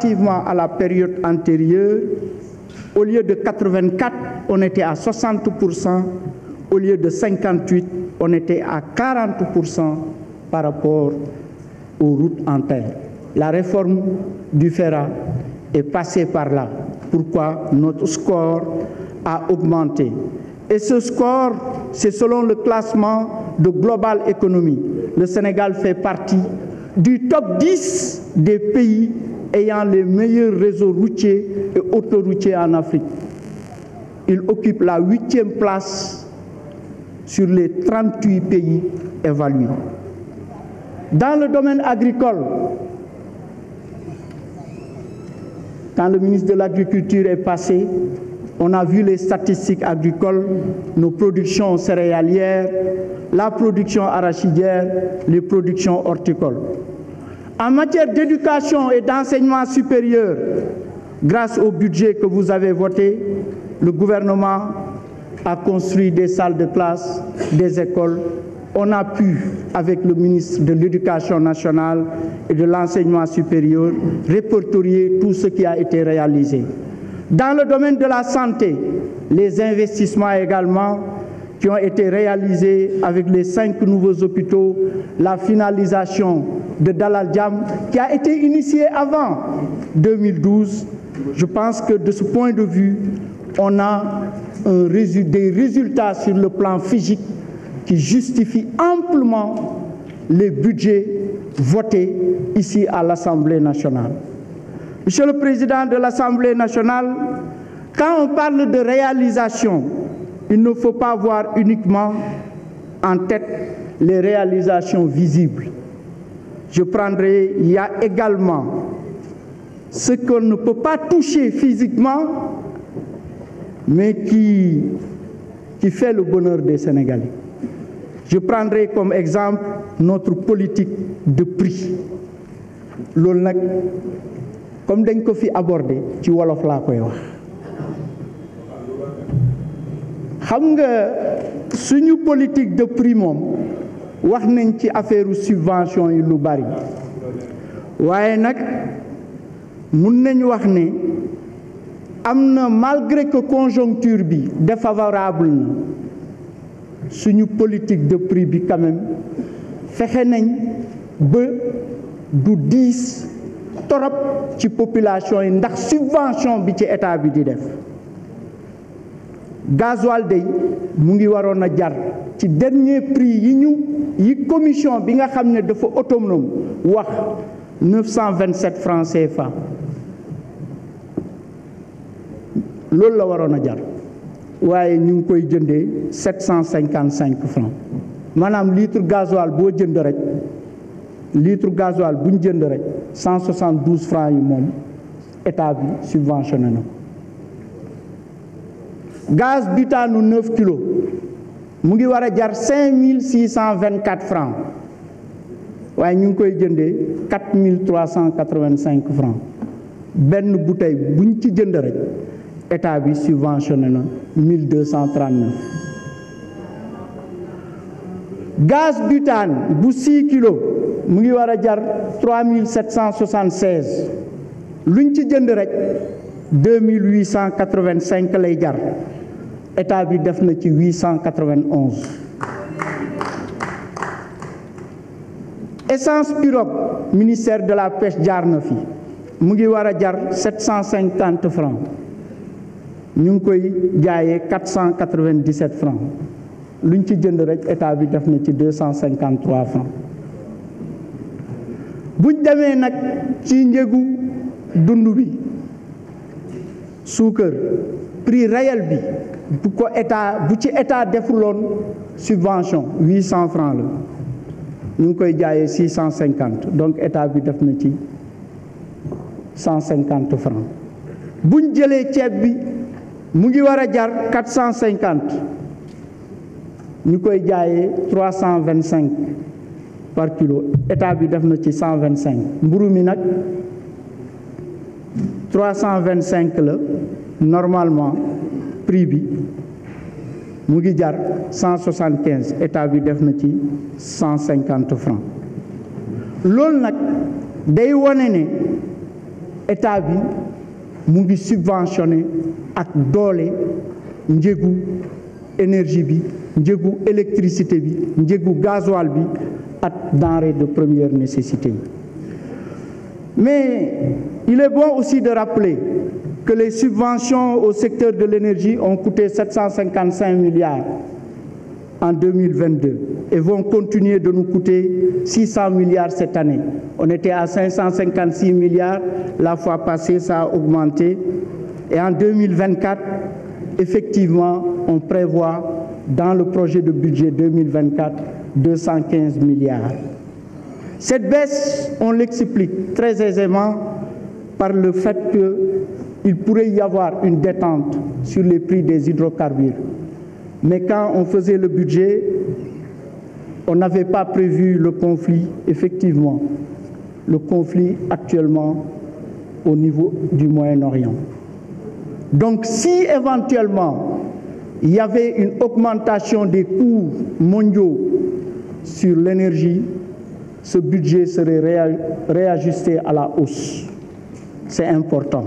Relativement à la période antérieure, au lieu de 84, on était à 60%, au lieu de 58, on était à 40% par rapport aux routes en terre. La réforme du FERA est passée par là. Pourquoi notre score a augmenté Et ce score, c'est selon le classement de Global Economy. Le Sénégal fait partie du top 10 des pays ayant les meilleurs réseaux routiers et autoroutiers en Afrique. Il occupe la huitième place sur les 38 pays évalués. Dans le domaine agricole, quand le ministre de l'Agriculture est passé, on a vu les statistiques agricoles, nos productions céréalières, la production arachidière, les productions horticoles. En matière d'éducation et d'enseignement supérieur, grâce au budget que vous avez voté, le gouvernement a construit des salles de classe, des écoles. On a pu, avec le ministre de l'Éducation nationale et de l'enseignement supérieur, répertorier tout ce qui a été réalisé. Dans le domaine de la santé, les investissements également qui ont été réalisés avec les cinq nouveaux hôpitaux, la finalisation de Dalal Jam qui a été initié avant 2012. Je pense que de ce point de vue, on a des résultats sur le plan physique qui justifient amplement les budgets votés ici à l'Assemblée nationale. Monsieur le Président de l'Assemblée nationale, quand on parle de réalisation, il ne faut pas voir uniquement en tête les réalisations visibles. Je prendrai, il y a également ce qu'on ne peut pas toucher physiquement, mais qui, fait le bonheur des Sénégalais. Je prendrai comme exemple notre politique de prix. comme d'un abordé tu vois la politique de prix wax nañ ci affaire subvention yi lu bari waaye nag mun nañ wax ne am na malgré que conjoncture bi défavorable na suñu politique de prix bi quand fexe nañ ba du diis torop ci population yi ndax subvention bi ci état bi di def gasoil day mu ngi warona jar ci dernier prix yi ñu yi commission bi nga xamne dafa autonome wax 927 francs CFA loolu la warona nous jar waye ñu ngi koy 755 francs Madame litre gasoil bo jënd rek litre gasoil bu jënd rek 172 francs yi mom état bi subventionné gaz butane nu 9 kilos mu ngi war a jar 5624 francs waaye ñu ngi koy jëndee 4385 francs benn bouteille buñ ci jënd rek état bi subventionné na 1239 gaz butane bu 6 kilos mu ngi war a jar lu luñ ci jënd rek 2885 lay jar état bi def na ci 891 essence Europe ministère de la pêche jaar na fi mu ngi jar 750 francs ñu ngi koy jaayee 497 francs luñ ci jënd rek état bi def na ci 253 francs buñ demee nag ci njëgu dund bi suukar prix réel bi pourquoi état vous état subvention 800 francs nous avons 650 donc état bi def 150 francs buñ Tchèbi, Mougiwaradjar, bi mu 450 nous avons 325 par kilo état bi def 125 mburumi 325 normalement prix avons 175, états de 150 francs. L'on a dit qui l'État subventionné à en l'énergie, énergie, l'électricité, électricité, gazoil gasoil, à denrées de première nécessité. Mais il est bon aussi de rappeler que les subventions au secteur de l'énergie ont coûté 755 milliards en 2022 et vont continuer de nous coûter 600 milliards cette année. On était à 556 milliards, la fois passée ça a augmenté. Et en 2024, effectivement, on prévoit dans le projet de budget 2024 215 milliards. Cette baisse, on l'explique très aisément par le fait que il pourrait y avoir une détente sur les prix des hydrocarbures. Mais quand on faisait le budget, on n'avait pas prévu le conflit, effectivement, le conflit actuellement au niveau du Moyen-Orient. Donc si éventuellement il y avait une augmentation des coûts mondiaux sur l'énergie, ce budget serait réajusté à la hausse. C'est important.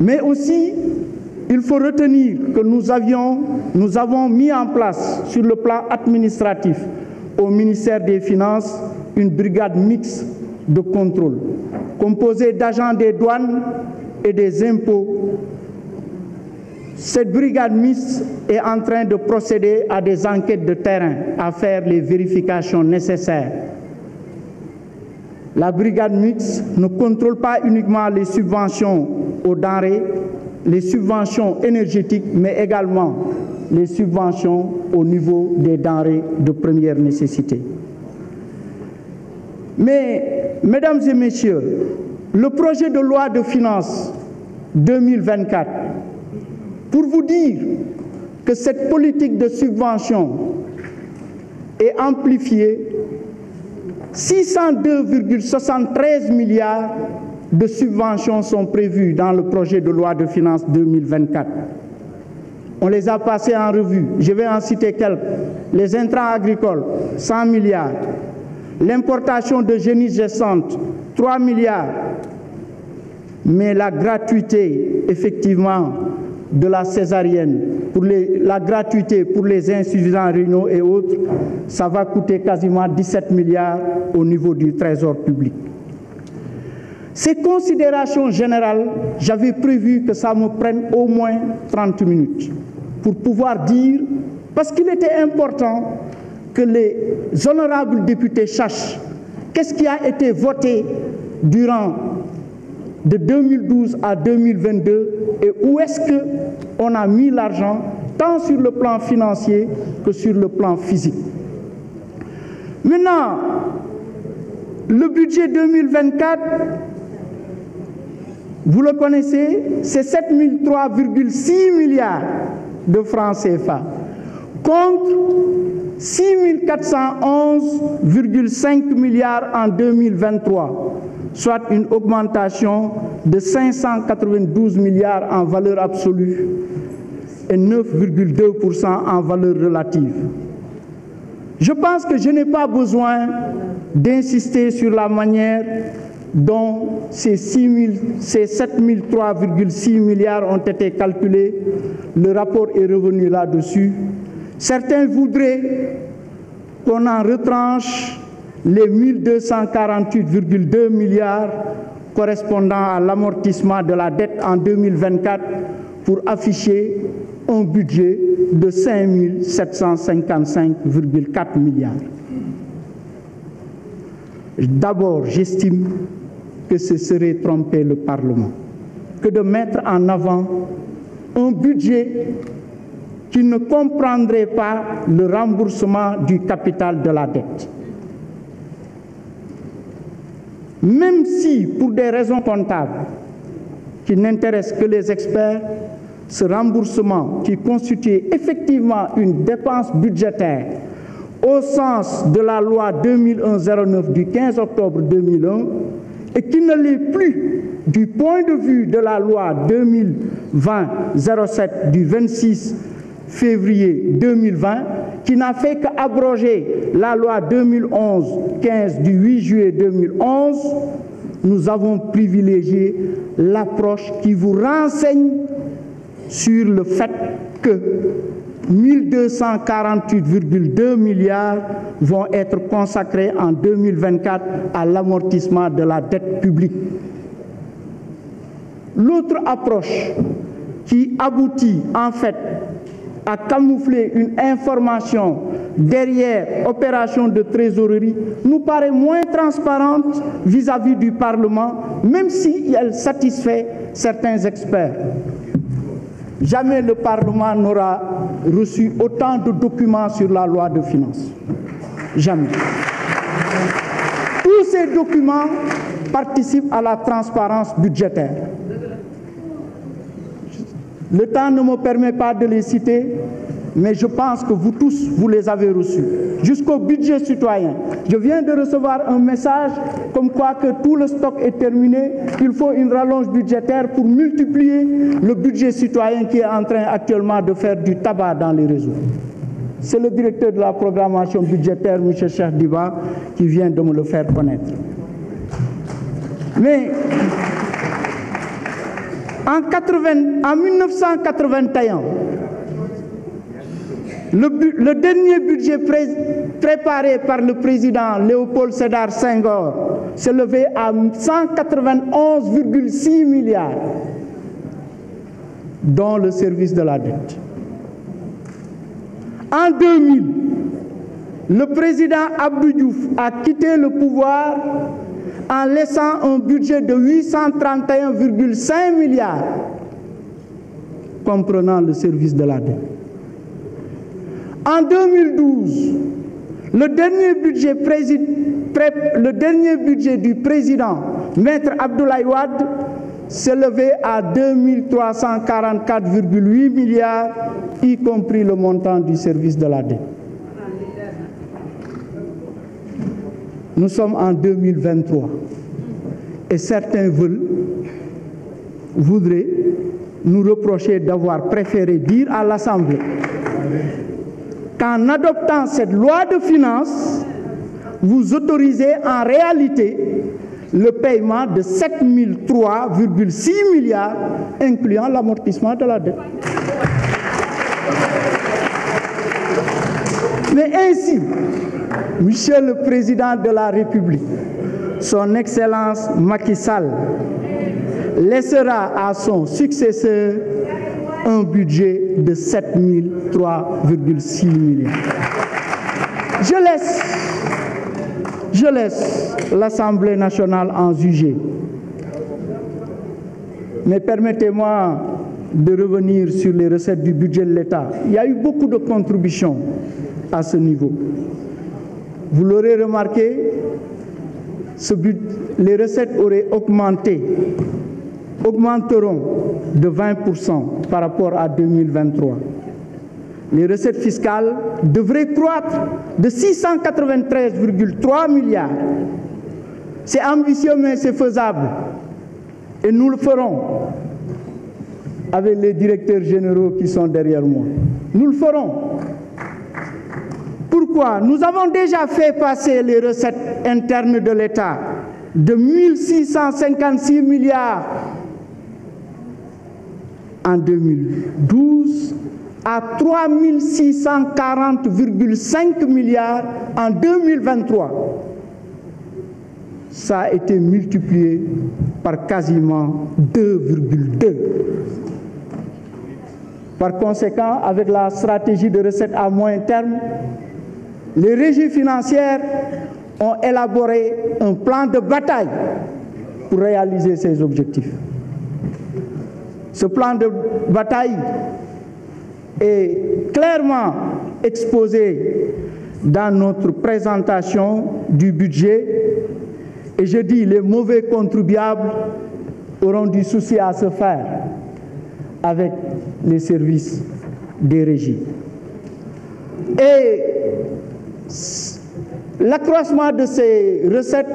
Mais aussi, il faut retenir que nous, avions, nous avons mis en place sur le plan administratif au ministère des Finances une brigade mixte de contrôle composée d'agents des douanes et des impôts. Cette brigade mixte est en train de procéder à des enquêtes de terrain, à faire les vérifications nécessaires. La brigade mixte ne contrôle pas uniquement les subventions aux denrées, les subventions énergétiques, mais également les subventions au niveau des denrées de première nécessité. Mais, mesdames et messieurs, le projet de loi de finances 2024, pour vous dire que cette politique de subvention est amplifiée, 602,73 milliards de subventions sont prévues dans le projet de loi de finances 2024. On les a passées en revue. Je vais en citer quelques. Les intrants agricoles, 100 milliards. L'importation de génies gessantes, 3 milliards. Mais la gratuité, effectivement, de la césarienne, pour la gratuité pour les insuffisants rénaux et autres, ça va coûter quasiment 17 milliards au niveau du trésor public. Ces considérations générales, j'avais prévu que ça me prenne au moins 30 minutes pour pouvoir dire, parce qu'il était important que les honorables députés sachent qu'est-ce qui a été voté durant de 2012 à 2022 et où est-ce qu'on a mis l'argent tant sur le plan financier que sur le plan physique. Maintenant, le budget 2024 vous le connaissez, c'est 7,3,6 milliards de francs CFA contre 6411,5 milliards en 2023, soit une augmentation de 592 milliards en valeur absolue et 9,2% en valeur relative. Je pense que je n'ai pas besoin d'insister sur la manière dont ces, 6 ces milliards ont été calculés. Le rapport est revenu là-dessus. Certains voudraient qu'on en retranche les 1248,2 milliards correspondant à l'amortissement de la dette en 2024 pour afficher un budget de 5 755,4 milliards. D'abord, j'estime que ce serait tromper le Parlement que de mettre en avant un budget qui ne comprendrait pas le remboursement du capital de la dette. Même si, pour des raisons comptables qui n'intéressent que les experts, ce remboursement qui constituait effectivement une dépense budgétaire au sens de la loi 2001 du 15 octobre 2001 et qui ne l'est plus du point de vue de la loi 2020-07 du 26 février 2020 qui n'a fait qu'abroger la loi 2011-15 du 8 juillet 2011, nous avons privilégié l'approche qui vous renseigne sur le fait que 1248,2 milliards vont être consacrés en 2024 à l'amortissement de la dette publique. L'autre approche qui aboutit en fait à camoufler une information derrière opération de trésorerie nous paraît moins transparente vis à -vis du Parlement, même si elle satisfait certains experts. Jamais le Parlement n'aura reçu autant de documents sur la loi de finances. Jamais. Tous ces documents participent à la transparence budgétaire. Le temps ne me permet pas de les citer, mais je pense que vous tous, vous les avez reçus. Jusqu'au budget citoyen, je viens de recevoir un message comme quoi que tout le stock est terminé, qu'il faut une rallonge budgétaire pour multiplier le budget citoyen qui est en train actuellement de faire du tabac dans les réseaux. C'est le directeur de la programmation budgétaire, M. Cheikh Diba, qui vient de me le faire connaître. Mais en, 80, en 1981, le, dernier budget préparé par le président Léopold Sédar Senghor s'est levé à 191,6 milliards, dans le service de la dette. En 2000, le président Abdou Diouf a quitté le pouvoir en laissant un budget de 831,5 milliards, comprenant le service de la dette. En 2012, le dernier budget, le dernier budget du président, Maître Abdoulaye Wade, s'élevait à 2344,8 milliards, y compris le montant du service de la dette. Nous sommes en 2023 et certains veulent, voudraient nous reprocher d'avoir préféré dire à l'Assemblée qu'en adoptant cette loi de finances, vous autorisez en réalité le paiement de 7003,6 milliards, incluant l'amortissement de la dette. Mais ainsi, Monsieur le Président de la République, Son Excellence Macky Sall laissera à son successeur un budget de 7003,6 millions. Je laisse, je laisse l'Assemblée nationale en juger. Mais permettez-moi de revenir sur les recettes du budget de l'État. Il y a eu beaucoup de contributions à ce niveau. Vous l'aurez remarqué, les recettes auraient augmenté augmenteront de 20% par rapport à 2023. Les recettes fiscales devraient croître de 693,3 milliards. C'est ambitieux, mais c'est faisable. Et nous le ferons avec les directeurs généraux qui sont derrière moi. Nous le ferons. Pourquoi Nous avons déjà fait passer les recettes internes de l'État de 1656 milliards en 2012 à 3640,5 milliards en 2023. Ça a été multiplié par quasiment 2,2. Par conséquent, avec la stratégie de recettes à moyen terme, les régies financières ont élaboré un plan de bataille pour réaliser ces objectifs. Ce plan de bataille est clairement exposé dans notre présentation du budget et je dis les mauvais contribuables auront du souci à se faire avec les services des régies. Et l'accroissement de ces recettes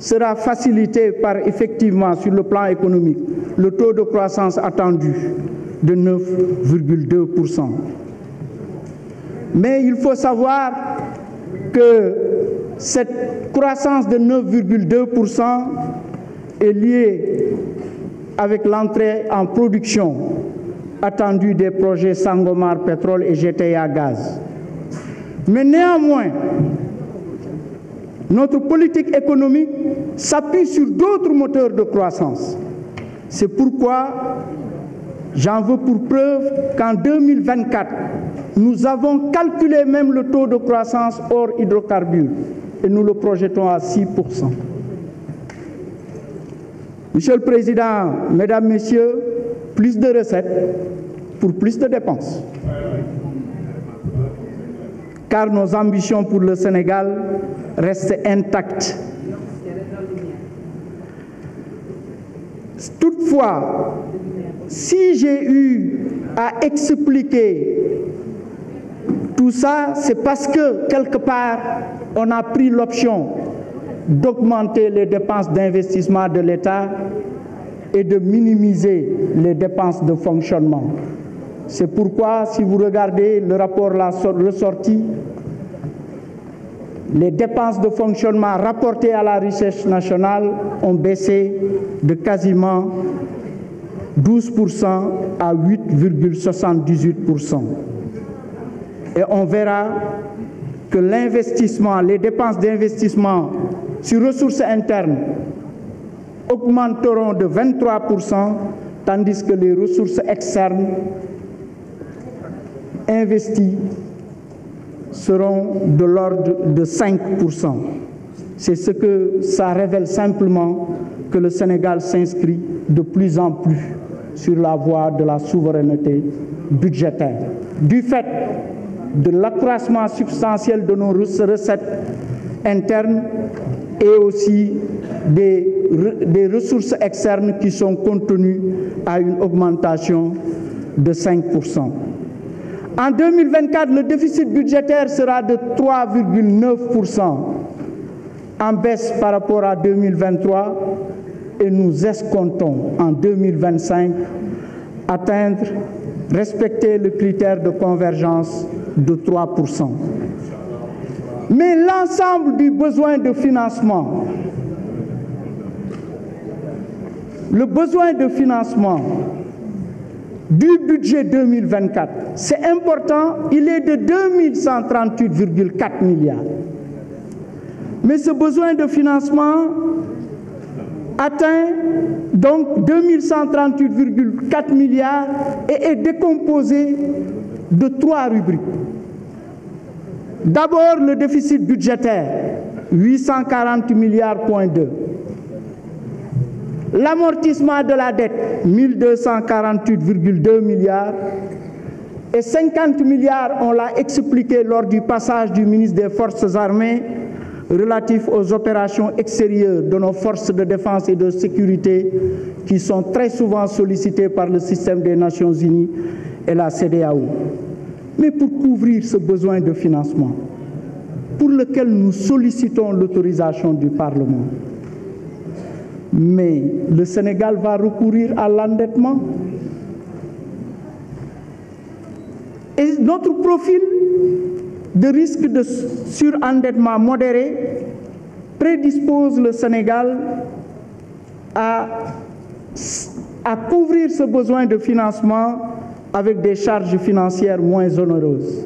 sera facilité par effectivement sur le plan économique le taux de croissance attendu de 9,2%. Mais il faut savoir que cette croissance de 9,2% est liée avec l'entrée en production attendue des projets Sangomar Pétrole et GTA Gaz. Mais néanmoins, notre politique économique s'appuie sur d'autres moteurs de croissance. C'est pourquoi j'en veux pour preuve qu'en 2024, nous avons calculé même le taux de croissance hors hydrocarbures et nous le projetons à 6 Monsieur le Président, Mesdames, Messieurs, plus de recettes pour plus de dépenses. Car nos ambitions pour le Sénégal restent intactes Toutefois, si j'ai eu à expliquer tout ça, c'est parce que quelque part, on a pris l'option d'augmenter les dépenses d'investissement de l'État et de minimiser les dépenses de fonctionnement. C'est pourquoi, si vous regardez le rapport ressorti, les dépenses de fonctionnement rapportées à la recherche nationale ont baissé de quasiment 12% à 8,78%. Et on verra que l'investissement, les dépenses d'investissement sur ressources internes augmenteront de 23%, tandis que les ressources externes investies seront de l'ordre de 5%. C'est ce que ça révèle simplement que le Sénégal s'inscrit de plus en plus sur la voie de la souveraineté budgétaire. Du fait de l'accroissement substantiel de nos recettes internes et aussi des, des, ressources externes qui sont contenues à une augmentation de 5%. En 2024, le déficit budgétaire sera de 3,9% en baisse par rapport à 2023 et nous escomptons en 2025 atteindre, respecter le critère de convergence de 3%. Mais l'ensemble du besoin de financement, le besoin de financement du budget 2024, c'est important, il est de 2138,4 milliards. Mais ce besoin de financement atteint donc 2138,4 milliards et est décomposé de trois rubriques. D'abord, le déficit budgétaire, 840 milliards, point 2 l'amortissement de la dette, 1248,2 milliards, et 50 milliards, on l'a expliqué lors du passage du ministre des Forces armées relatif aux opérations extérieures de nos forces de défense et de sécurité qui sont très souvent sollicitées par le système des Nations Unies et la CDAO. Mais pour couvrir ce besoin de financement, pour lequel nous sollicitons l'autorisation du Parlement, mais le Sénégal va recourir à l'endettement. Et notre profil de risque de surendettement modéré prédispose le Sénégal à, couvrir ce besoin de financement avec des charges financières moins onéreuses.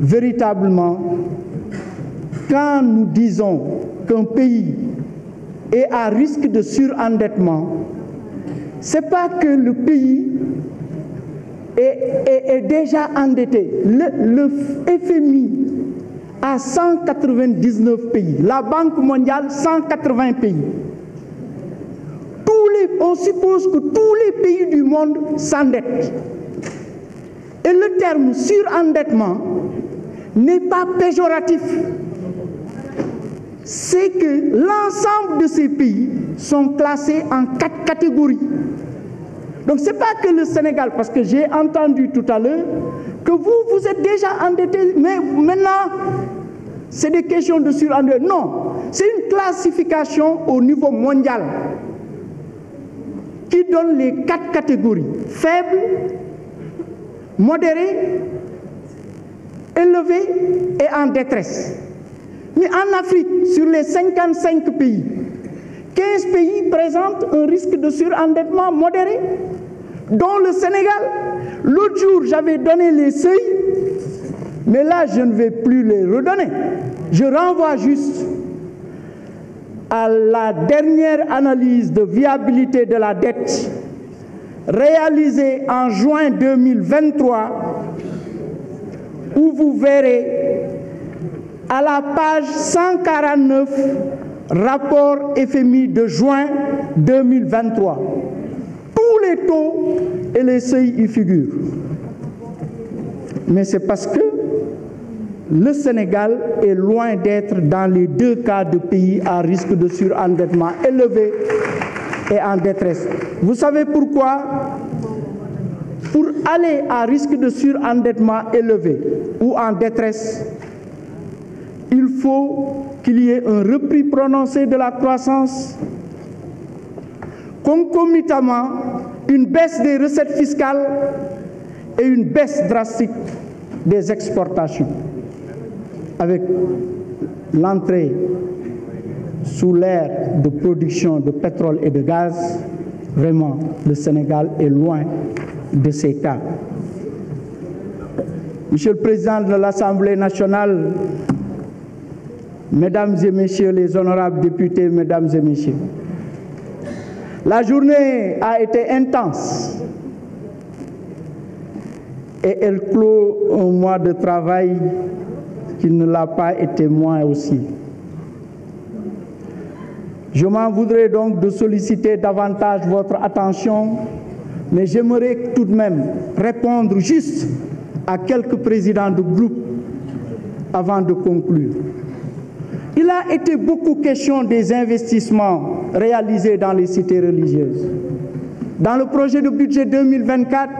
Véritablement, quand nous disons qu'un pays et à risque de surendettement, ce n'est pas que le pays est, est, déjà endetté. Le, FMI a 199 pays, la Banque mondiale 180 pays. on suppose que tous les pays du monde s'endettent. Et le terme surendettement n'est pas péjoratif c'est que l'ensemble de ces pays sont classés en quatre catégories. Donc ce n'est pas que le Sénégal, parce que j'ai entendu tout à l'heure que vous, vous êtes déjà endetté, mais maintenant, c'est des questions de surendettement. Non, c'est une classification au niveau mondial qui donne les quatre catégories, faible, modéré, élevé et en détresse. Mais en Afrique, sur les 55 pays, 15 pays présentent un risque de surendettement modéré, dont le Sénégal. L'autre jour, j'avais donné les seuils, mais là, je ne vais plus les redonner. Je renvoie juste à la dernière analyse de viabilité de la dette réalisée en juin 2023, où vous verrez à la page 149, rapport FMI de juin 2023. Tous les taux et les seuils y figurent. Mais c'est parce que le Sénégal est loin d'être dans les deux cas de pays à risque de surendettement élevé et en détresse. Vous savez pourquoi Pour aller à risque de surendettement élevé ou en détresse, il faut qu'il y ait un repris prononcé de la croissance, concomitamment une baisse des recettes fiscales et une baisse drastique des exportations, avec l'entrée sous l'ère de production de pétrole et de gaz, vraiment, le Sénégal est loin de ces cas. Monsieur le Président de l'Assemblée nationale, Mesdames et messieurs les honorables députés, mesdames et messieurs, la journée a été intense et elle clôt un mois de travail qui ne l'a pas été moins aussi. Je m'en voudrais donc de solliciter davantage votre attention, mais j'aimerais tout de même répondre juste à quelques présidents de groupe avant de conclure. Il a été beaucoup question des investissements réalisés dans les cités religieuses. Dans le projet de budget 2024,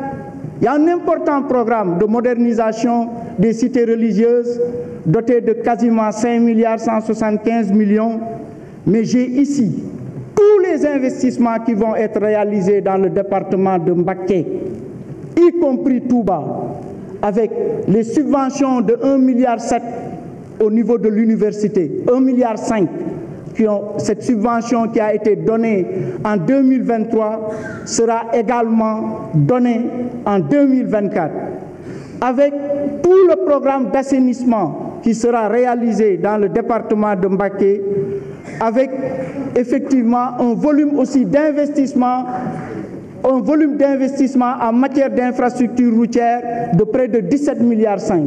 il y a un important programme de modernisation des cités religieuses doté de quasiment 5 milliards 175 millions. Mais j'ai ici tous les investissements qui vont être réalisés dans le département de Mbaké, y compris Touba, avec les subventions de 1,7 milliard au niveau de l'université, 1,5 milliard qui ont, cette subvention qui a été donnée en 2023 sera également donnée en 2024. Avec tout le programme d'assainissement qui sera réalisé dans le département de Mbaké, avec effectivement un volume aussi d'investissement un volume d'investissement en matière d'infrastructures routières de près de 17 milliards 5.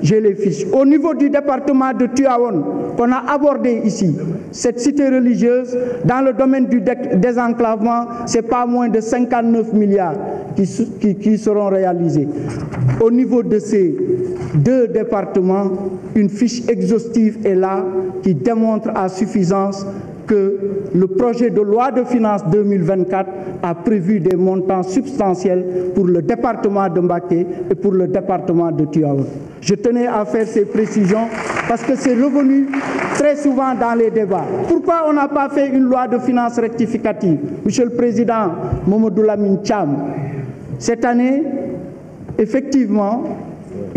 J'ai les fiche. Au niveau du département de Tuaon, qu'on a abordé ici, cette cité religieuse, dans le domaine du désenclavement, c'est pas moins de 59 milliards qui, qui seront réalisés. Au niveau de ces deux départements, une fiche exhaustive est là qui démontre à suffisance que le projet de loi de finances 2024 a prévu des montants substantiels pour le département de Mbaké et pour le département de Tuaou. Je tenais à faire ces précisions parce que c'est revenu très souvent dans les débats. Pourquoi on n'a pas fait une loi de finances rectificative Monsieur le Président Momodou Lamine Cham, cette année, effectivement,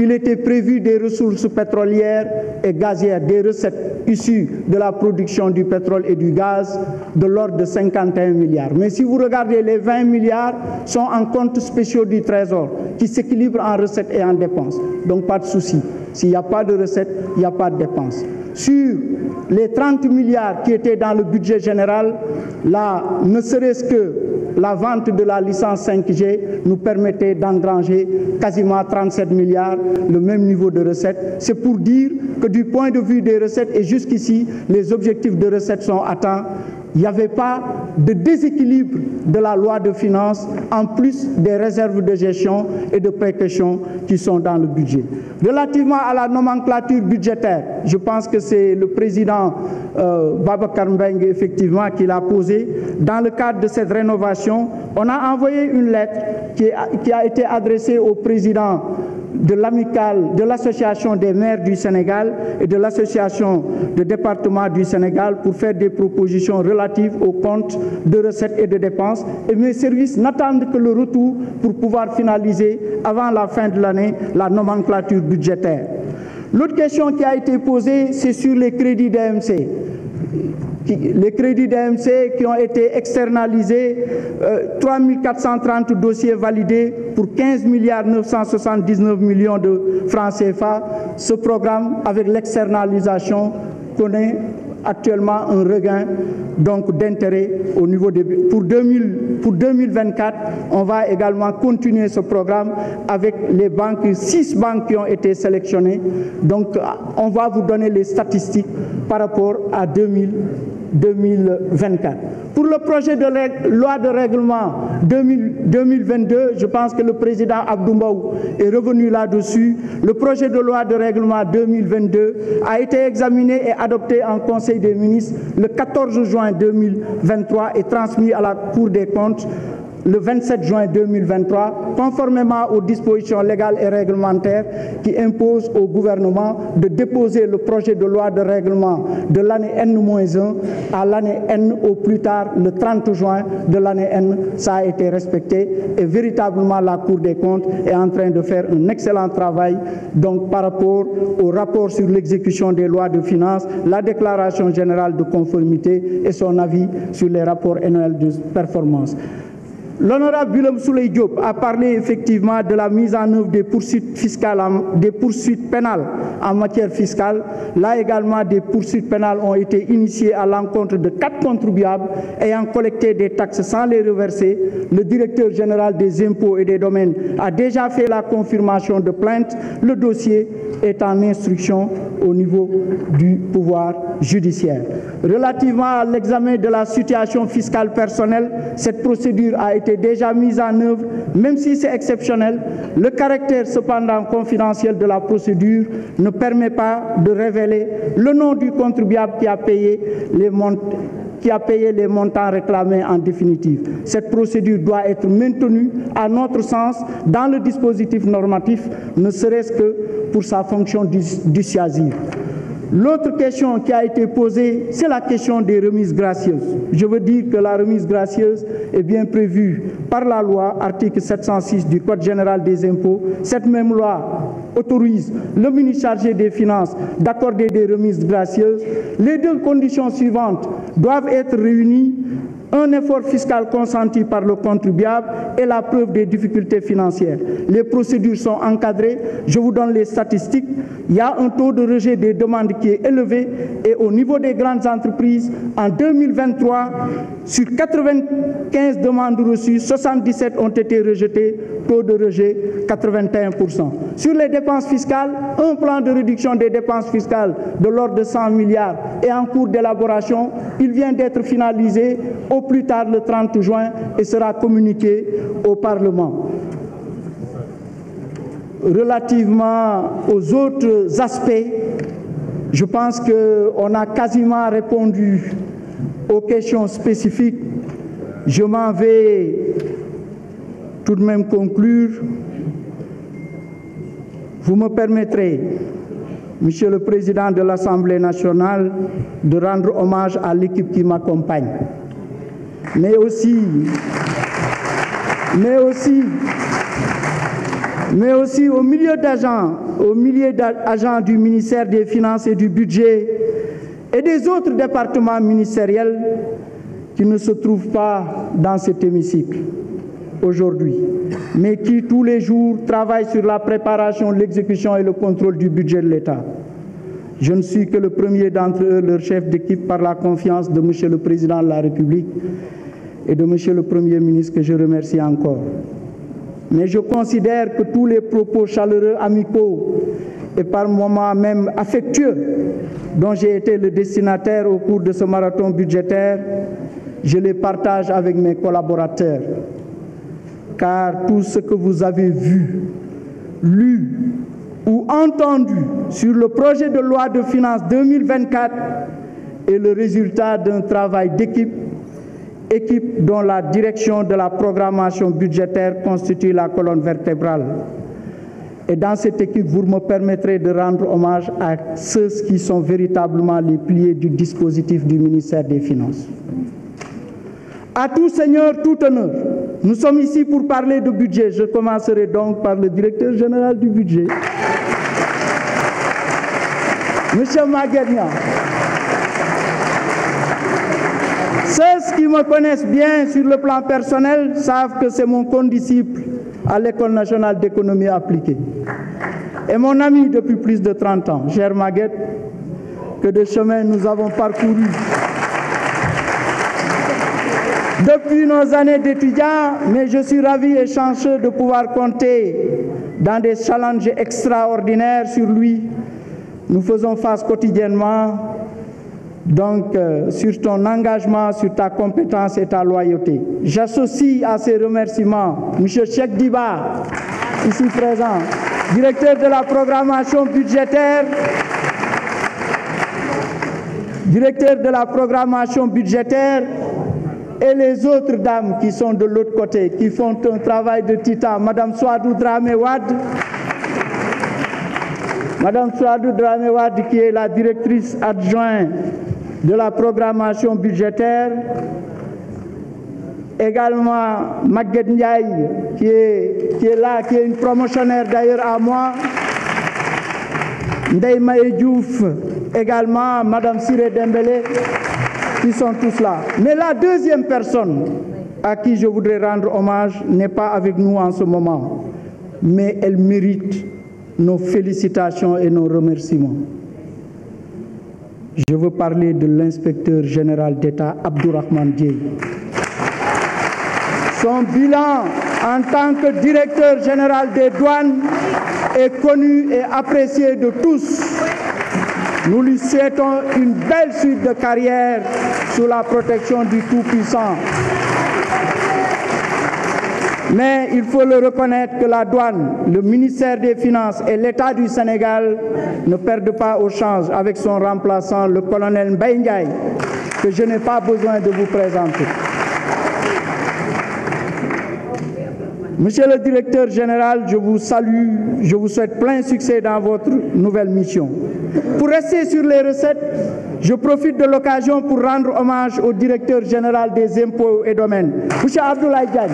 il était prévu des ressources pétrolières et gazières, des recettes issues de la production du pétrole et du gaz de l'ordre de 51 milliards. Mais si vous regardez, les 20 milliards sont en compte spéciaux du Trésor, qui s'équilibrent en recettes et en dépenses. Donc pas de souci. S'il n'y a pas de recettes, il n'y a pas de dépenses sur les 30 milliards qui étaient dans le budget général, là, ne serait-ce que la vente de la licence 5G nous permettait d'engranger quasiment 37 milliards, le même niveau de recettes. C'est pour dire que du point de vue des recettes et jusqu'ici, les objectifs de recettes sont atteints il n'y avait pas de déséquilibre de la loi de finances en plus des réserves de gestion et de précaution qui sont dans le budget. Relativement à la nomenclature budgétaire, je pense que c'est le président euh, Baba effectivement qui l'a posé. Dans le cadre de cette rénovation, on a envoyé une lettre qui qui a été adressée au président de l'amicale, de l'association des maires du Sénégal et de l'association de départements du Sénégal pour faire des propositions relatives aux comptes de recettes et de dépenses. Et mes services n'attendent que le retour pour pouvoir finaliser avant la fin de l'année la nomenclature budgétaire. L'autre question qui a été posée, c'est sur les crédits d'AMC les crédits d'AMC qui ont été externalisés, 3430 3 430 dossiers validés pour 15 milliards 979 millions de francs CFA. Ce programme, avec l'externalisation, connaît actuellement un regain donc d'intérêt au niveau des... pour 2000 pour 2024 on va également continuer ce programme avec les banques six banques qui ont été sélectionnées donc on va vous donner les statistiques par rapport à 2000 2024. Pour le projet de loi de règlement 2022, je pense que le président Abdoumbaou est revenu là-dessus. Le projet de loi de règlement 2022 a été examiné et adopté en Conseil des ministres le 14 juin 2023 et transmis à la Cour des comptes le 27 juin 2023, conformément aux dispositions légales et réglementaires qui imposent au gouvernement de déposer le projet de loi de règlement de l'année N-1 à l'année N au plus tard le 30 juin de l'année N. Ça a été respecté et véritablement la Cour des comptes est en train de faire un excellent travail donc par rapport au rapport sur l'exécution des lois de finances, la déclaration générale de conformité et son avis sur les rapports annuels de performance. L'honorable Bulum Souley Diop a parlé effectivement de la mise en œuvre des poursuites pénales en matière fiscale. Là également, des poursuites pénales ont été initiées à l'encontre de quatre contribuables ayant collecté des taxes sans les reverser. Le directeur général des impôts et des domaines a déjà fait la confirmation de plainte. Le dossier est en instruction au niveau du pouvoir judiciaire. Relativement à l'examen de la situation fiscale personnelle, cette procédure a été déjà mise en œuvre, même si c'est exceptionnel. Le caractère cependant confidentiel de la procédure ne permet pas de révéler le nom du contribuable qui a payé les montants qui a payé les montants réclamés en définitive. Cette procédure doit être maintenue, à notre sens, dans le dispositif normatif, ne serait-ce que pour sa fonction du dissuasive. L'autre question qui a été posée, c'est la question des remises gracieuses. Je veux dire que la remise gracieuse est bien prévue par la loi, article 706 du Code général des impôts. Cette même loi autorise le ministre chargé des Finances d'accorder des remises gracieuses, les deux conditions suivantes doivent être réunies un effort fiscal consenti par le contribuable et la preuve des difficultés financières. Les procédures sont encadrées. Je vous donne les statistiques. Il y a un taux de rejet des demandes qui est élevé et au niveau des grandes entreprises, en 2023, sur 95 demandes reçues, 77 ont été rejetées de rejet 81%. Sur les dépenses fiscales, un plan de réduction des dépenses fiscales de l'ordre de 100 milliards est en cours d'élaboration. Il vient d'être finalisé au plus tard le 30 juin et sera communiqué au Parlement. Relativement aux autres aspects, je pense qu'on a quasiment répondu aux questions spécifiques. Je m'en vais tout de même conclure, vous me permettrez, Monsieur le Président de l'Assemblée nationale, de rendre hommage à l'équipe qui m'accompagne, mais aussi, mais aussi, mais aussi aux milliers d'agents, aux milliers d'agents du ministère des Finances et du Budget et des autres départements ministériels qui ne se trouvent pas dans cet hémicycle aujourd'hui, mais qui tous les jours travaillent sur la préparation, l'exécution et le contrôle du budget de l'État. Je ne suis que le premier d'entre eux, leur chef d'équipe, par la confiance de M. le Président de la République et de M. le Premier ministre, que je remercie encore. Mais je considère que tous les propos chaleureux, amicaux et par moments même affectueux dont j'ai été le destinataire au cours de ce marathon budgétaire, je les partage avec mes collaborateurs car tout ce que vous avez vu, lu ou entendu sur le projet de loi de finances 2024 est le résultat d'un travail d'équipe, équipe dont la direction de la programmation budgétaire constitue la colonne vertébrale. Et dans cette équipe, vous me permettrez de rendre hommage à ceux qui sont véritablement les pliés du dispositif du ministère des Finances. À tout Seigneur, tout honneur. Nous sommes ici pour parler de budget. Je commencerai donc par le directeur général du budget. Monsieur Maguernian, ceux qui me connaissent bien sur le plan personnel savent que c'est mon condisciple à l'École nationale d'économie appliquée. Et mon ami depuis plus de 30 ans, Cher Maguette, que de chemin nous avons parcouru depuis nos années d'étudiants, mais je suis ravi et chanceux de pouvoir compter dans des challenges extraordinaires sur lui. Nous faisons face quotidiennement, donc, euh, sur ton engagement, sur ta compétence et ta loyauté. J'associe à ces remerciements M. Cheikh Diba, ici présent, directeur de la programmation budgétaire, directeur de la programmation budgétaire et les autres dames qui sont de l'autre côté, qui font un travail de titan, Madame Swadou Dramewad, Madame qui est la directrice adjointe de la programmation budgétaire, également Maguette qui est, là, qui est une promotionnaire d'ailleurs à moi, Ndeye Maïdjouf, également Madame Siré Dembélé, qui sont tous là. Mais la deuxième personne à qui je voudrais rendre hommage n'est pas avec nous en ce moment, mais elle mérite nos félicitations et nos remerciements. Je veux parler de l'inspecteur général d'État Abdourahman Dié. Son bilan en tant que directeur général des douanes est connu et apprécié de tous. Nous lui souhaitons une belle suite de carrière sous la protection du Tout-Puissant. Mais il faut le reconnaître que la douane, le ministère des Finances et l'État du Sénégal ne perdent pas au change avec son remplaçant, le colonel Mbaye que je n'ai pas besoin de vous présenter. Monsieur le directeur général, je vous salue, je vous souhaite plein succès dans votre nouvelle mission. Pour rester sur les recettes, je profite de l'occasion pour rendre hommage au directeur général des impôts et domaines, Monsieur Abdoulaye Diagne.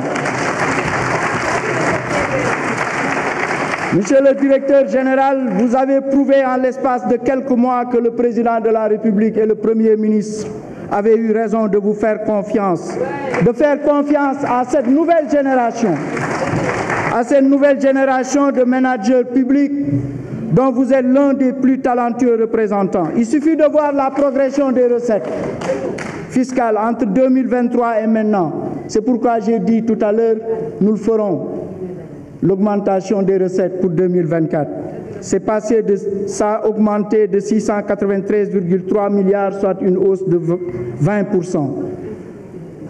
Monsieur le directeur général, vous avez prouvé en l'espace de quelques mois que le président de la République et le Premier ministre avaient eu raison de vous faire confiance, de faire confiance à cette nouvelle génération à cette nouvelle génération de managers publics dont vous êtes l'un des plus talentueux représentants. Il suffit de voir la progression des recettes fiscales entre 2023 et maintenant. C'est pourquoi j'ai dit tout à l'heure, nous le ferons, l'augmentation des recettes pour 2024. C'est passé de ça a augmenté de 693,3 milliards, soit une hausse de 20%.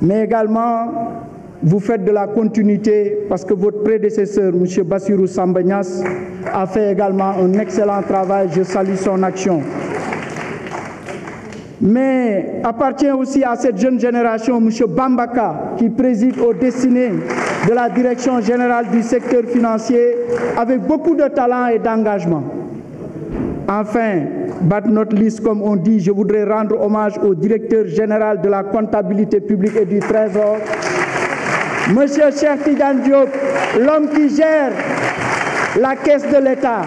Mais également, vous faites de la continuité parce que votre prédécesseur, M. Bassirou Sambagnas, a fait également un excellent travail. Je salue son action. Mais appartient aussi à cette jeune génération, M. Bambaka, qui préside au destiné de la direction générale du secteur financier avec beaucoup de talent et d'engagement. Enfin, battre notre liste, comme on dit, je voudrais rendre hommage au directeur général de la comptabilité publique et du Trésor, Monsieur Sertigan Diop, l'homme qui gère la caisse de l'État,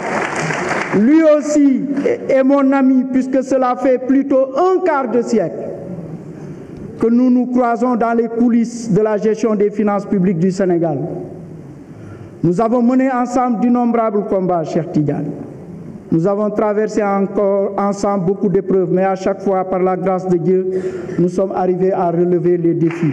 lui aussi est mon ami, puisque cela fait plutôt un quart de siècle que nous nous croisons dans les coulisses de la gestion des finances publiques du Sénégal. Nous avons mené ensemble d'innombrables combats, cher Tidiane. Nous avons traversé encore ensemble beaucoup d'épreuves, mais à chaque fois, par la grâce de Dieu, nous sommes arrivés à relever les défis.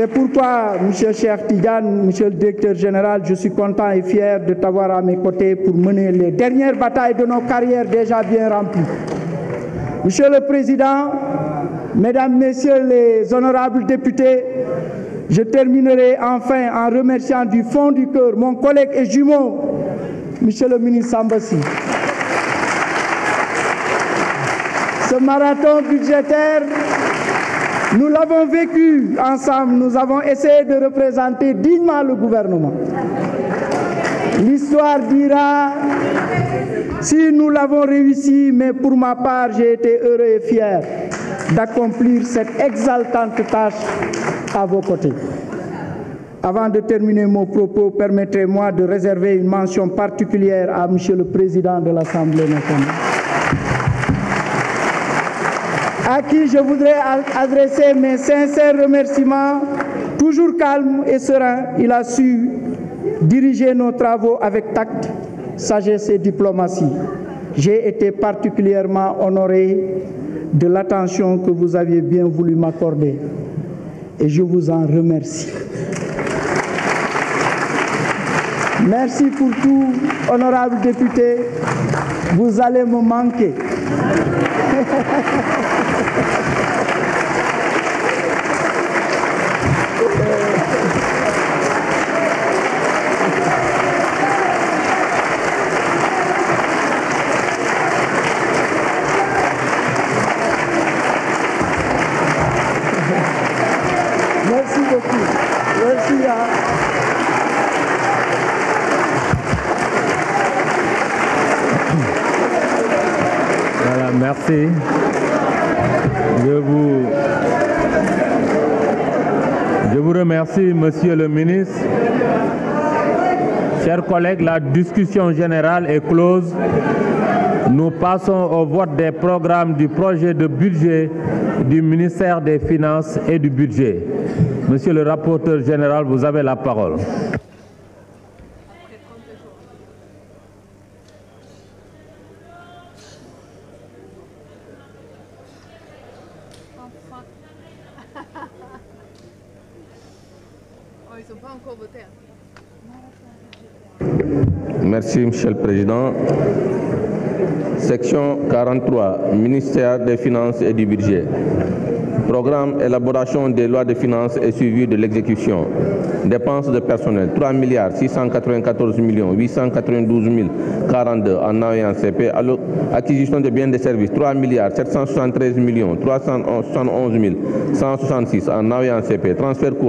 C'est pourquoi, Monsieur Cher Tigane, M. le Directeur Général, je suis content et fier de t'avoir à mes côtés pour mener les dernières batailles de nos carrières déjà bien remplies. Monsieur le Président, Mesdames, Messieurs les honorables députés, je terminerai enfin en remerciant du fond du cœur mon collègue et jumeau, Monsieur le ministre Sambassi. Ce marathon budgétaire nous l'avons vécu ensemble, nous avons essayé de représenter dignement le gouvernement. L'histoire dira si nous l'avons réussi, mais pour ma part, j'ai été heureux et fier d'accomplir cette exaltante tâche à vos côtés. Avant de terminer mon propos, permettez-moi de réserver une mention particulière à Monsieur le Président de l'Assemblée nationale à qui je voudrais adresser mes sincères remerciements. Toujours calme et serein, il a su diriger nos travaux avec tact, sagesse et diplomatie. J'ai été particulièrement honoré de l'attention que vous aviez bien voulu m'accorder et je vous en remercie. Merci pour tout, honorable député. Vous allez me manquer. Merci. Je vous, je vous remercie, Monsieur le ministre. Chers collègues, la discussion générale est close. Nous passons au vote des programmes du projet de budget du ministère des Finances et du Budget. Monsieur le rapporteur général, vous avez la parole. Merci, Monsieur le Président. Section 43, ministère des Finances et du Budget. Programme élaboration des lois de finances et suivi de l'exécution. Dépenses de personnel 3 milliards 694 millions 892 042 en A en CP. Acquisition de biens de services 3 milliards 773 millions 371 166 en A en CP. Transfert court